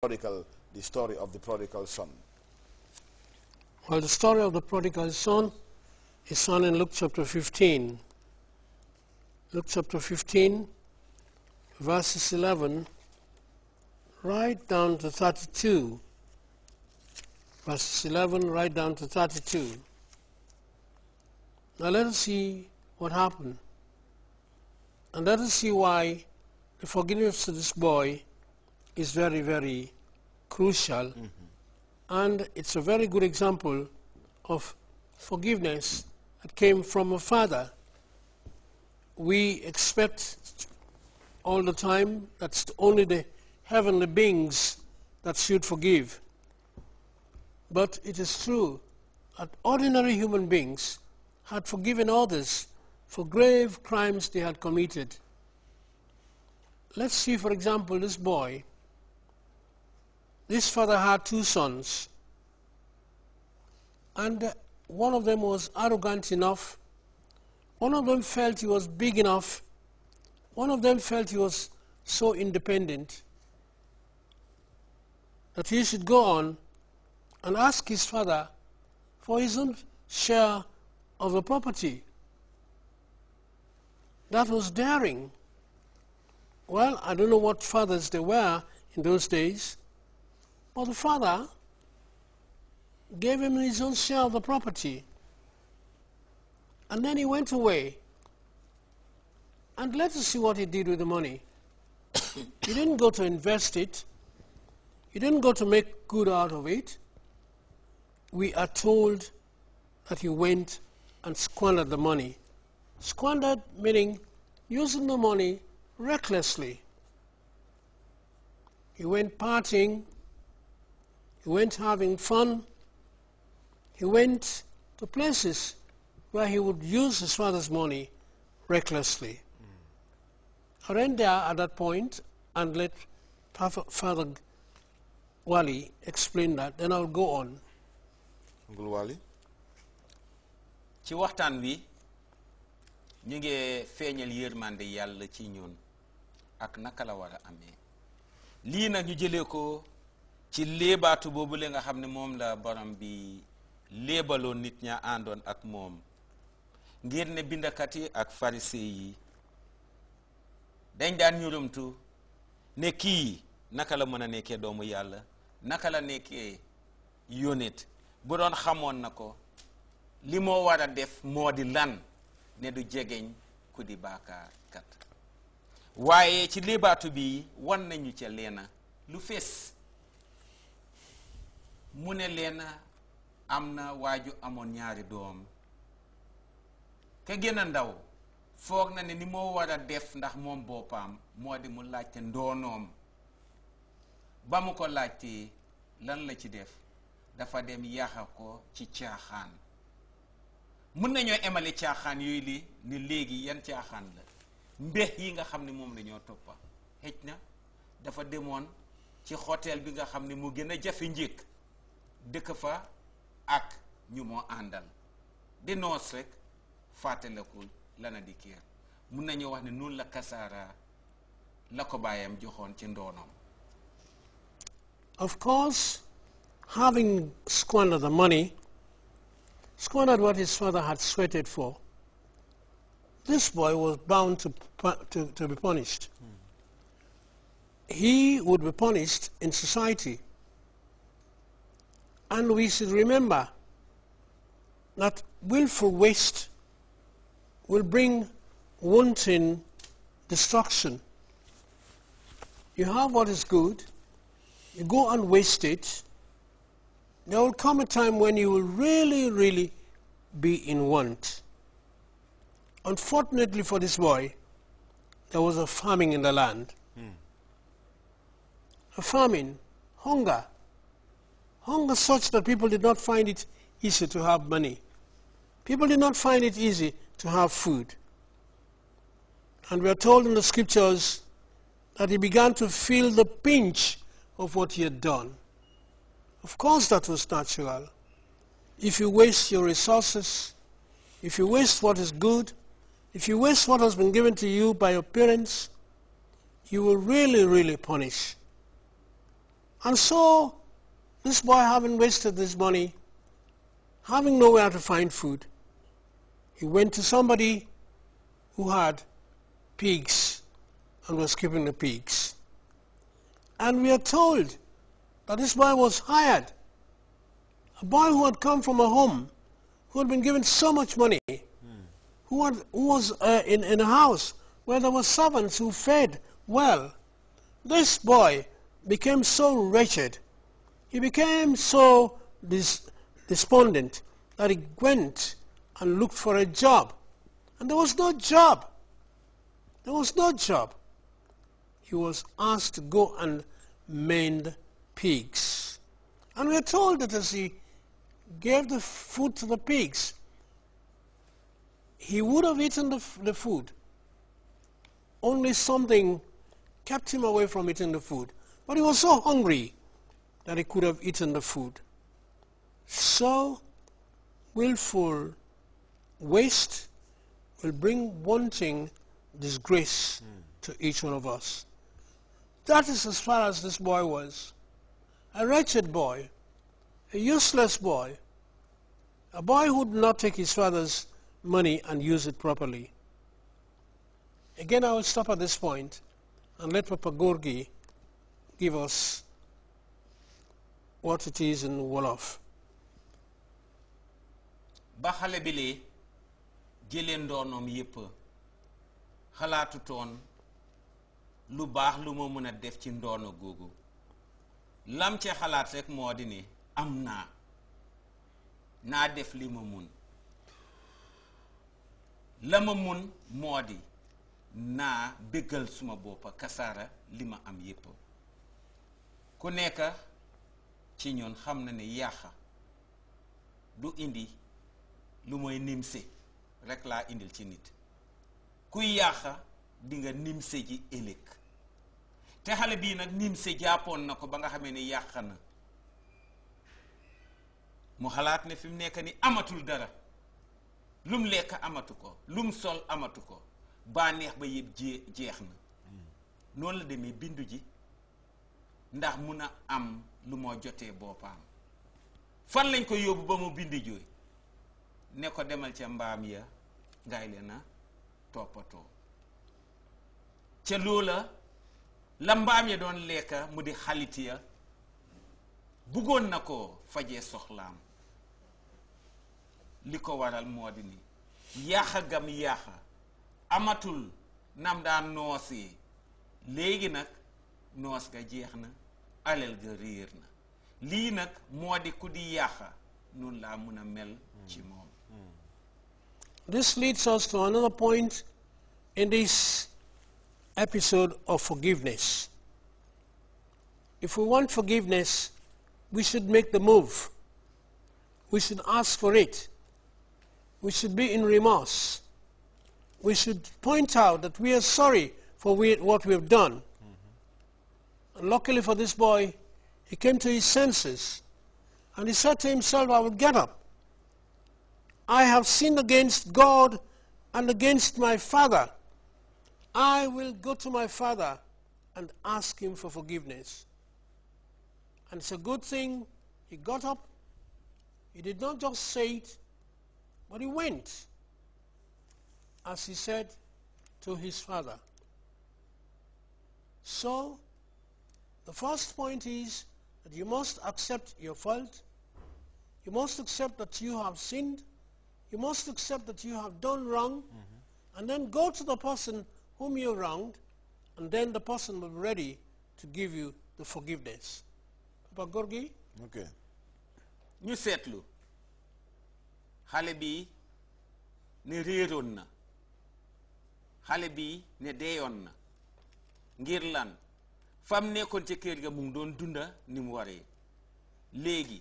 prodigal, the story of the prodigal son? Well, the story of the prodigal son is found in Luke chapter 15. Luke chapter 15, verses 11, right down to 32. Verses 11, right down to 32. Now let us see what happened. And let us see why the forgiveness of this boy is very, very crucial. Mm -hmm. And it's a very good example of forgiveness that came from a father. We expect all the time that only the heavenly beings that should forgive. But it is true that ordinary human beings had forgiven others for grave crimes they had committed. Let's see, for example, this boy this father had two sons, and one of them was arrogant enough, one of them felt he was big enough, one of them felt he was so independent that he should go on and ask his father for his own share of the property. That was daring. Well, I don't know what fathers there were in those days, well, the father gave him his own share of the property. And then he went away. And let us see what he did with the money. he didn't go to invest it. He didn't go to make good out of it. We are told that he went and squandered the money. Squandered meaning using the money recklessly. He went partying he went having fun. He went to places where he would use his father's money recklessly. Mm. I ran there at that point and let Father Wali explain that. Then I'll go on. Uncle Wali? ci waxtaan wi ñu ngi feeñal yërmande yàlla ci ñun ak naka la war a amee lii ñu jëlee ko ci léebaatu boobu le nga xam ne moom la borom bi léebaloon nit ña àndoon ak moom ngir ne bindakat yi ak farisee yi dañ daan ñurumtu ne kii naka la mën a nekkee doomu yàlla naka la nekkee yonent bu doon xamoon na ko li moo war a def moo di lan ne du jegeñ ku di baakaarkat waaye ci léebaatu bi wan nañu ca leena lu fees mu ne leen am na waaju amoon ñaari doom ka gën a ndaw foog na ne ni moo war a def ndax moom boppam moo de mu laajte ndoonoom ba mu ko laajtee lan la ci def dafa dem yaxa ko ci caaxaan mun nañoo emali caaxaan yooyu li ni léegi yan caaxaan la mbéx yi nga xam ne moom lañoo toppa xëj na dafa demoon ci hôtel bi nga xam ne mu gën a jafe njékk ak àndal rek lana di nañu wax la la ko ci of course having squandered the money squandered what his father had sweated for this boy was bound to, to, to be punished he would be punished in society and we should remember that willful waste will bring wanton destruction. You have what is good, you go and waste it, there will come a time when you will really, really be in want. Unfortunately for this boy, there was a famine in the land. Mm. A famine, hunger. Hunger such that people did not find it easy to have money. People did not find it easy to have food. And we are told in the scriptures that he began to feel the pinch of what he had done. Of course that was natural. If you waste your resources, if you waste what is good, if you waste what has been given to you by your parents, you will really, really punish. And so this boy having wasted this money, having nowhere to find food, he went to somebody who had pigs and was keeping the pigs. And we are told that this boy was hired. A boy who had come from a home, who had been given so much money, mm. who, had, who was uh, in, in a house where there were servants who fed well. This boy became so wretched he became so dis despondent that he went and looked for a job. And there was no job. There was no job. He was asked to go and mend pigs. And we are told that as he gave the food to the pigs, he would have eaten the, the food. Only something kept him away from eating the food. But he was so hungry that he could have eaten the food. So willful waste will bring wanting disgrace mm. to each one of us. That is as far as this boy was. A wretched boy, a useless boy, a boy who did not take his father's money and use it properly. Again, I will stop at this point and let Papa Gorgi give us what it is in Wolof. ba xale bi lee jëlee ndoonoom yépp xalaatutoon lu baax lu ma mën a def ci ndoono googu lam ca xalaat rek moo di ne am naa naa def li ma mun la ma mun moo di naa bëggal suma boppa kasaara li ma am yépp ku nekk ci ñun xam na ni yàqa du indi lu mooy nimse rek laa indil ci nit kuy yàqa dinga nimse ji ëllëg te xale bii nag nimse jàppoon na ko ba nga xamee ni yàq na mu xalaat ne fi mu nekk ni amatul dara lum lekk amatu ko lum sol amatu ko bànneex ba yëpp jeex na hmm. noonu la demee bindu ji ndax mun a am lu moo jotee boppam fan lañ ko yóbbu ba mu bindi jooy ne ko demal ca mbaam ya gaay leen a toppatoo ca loola la mbaam ya doon lekka mu di xalit ya buggoon na ko fajee soxlaam li ko waral moo di ni yaaxa gam yaaxa amatul nam daan noosee léegi nag noos ga jeex na alal ga na mel ci this leads us to another point in this episode of forgiveness if we want forgiveness we should make the move we should ask for it we should be in remorse we should point out that we are sorry for we, what we have done luckily for this boy, he came to his senses and he said to himself, I will get up. I have sinned against God and against my father. I will go to my father and ask him for forgiveness. And it's a good thing he got up. He did not just say it, but he went, as he said, to his father. So the first point is that you must accept your fault. You must accept that you have sinned. You must accept that you have done wrong. Mm -hmm. And then go to the person whom you wronged and then the person will be ready to give you the forgiveness. Papa Gorgi? Okay. ñu seetlu xale Halebi ne réeroon fam nekkoon ca kër ga mu ngi doon dunda ni mu waree léegi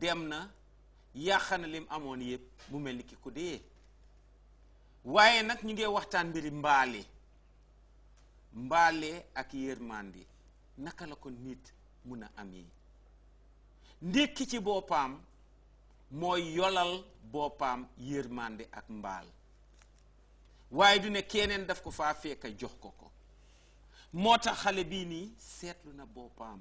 dem na yàq na lim amoon yëpp mu mel ni ki ku dee waaye nag ñu ngi waxtaan mbiri mbaale mbaale ak yërmande naka la ko nit mun a amee ndékki ci boppam mooy yolal boppam yërmande ak mbaal waaye du ne keneen daf ko faa fekk jox ko ko moo tax xale bii nii seetlu na boppam